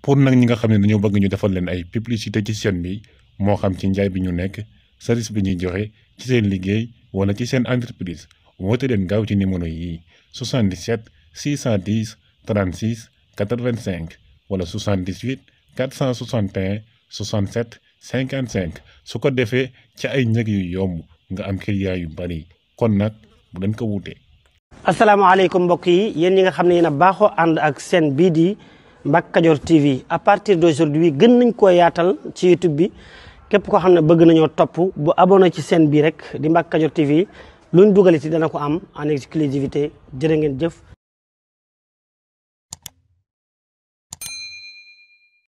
pour nag ñi nga xam ne dañoo bëgg ñu defal leen ay publicité ci seen bi moo xam ci njaay bi ñu nekk service bi ñuy joxe ci seen liggéey wala ci seen entreprise woote leen gaaw ci numéro yi 77 610 36 85 wala 78 461 67 55 su ko defee ci ay njëg yu yomb nga am client yu bari kon nag bu leen ko wuute. asalaamaaleykum mbokk yi yéen yi nga xam ne yéen a baaxoo ànd ak seen bii di Mbacke Kadior TV à partir d'aujourd'hui gën nañ koo yaatal ci YouTube bi képp koo xam ne bëgg nañoo topp bu abonné ci seen bii rek di Mbacke Kadior TV luñ dugaliti dana ko am en exclusivité jërë ngeen jëf.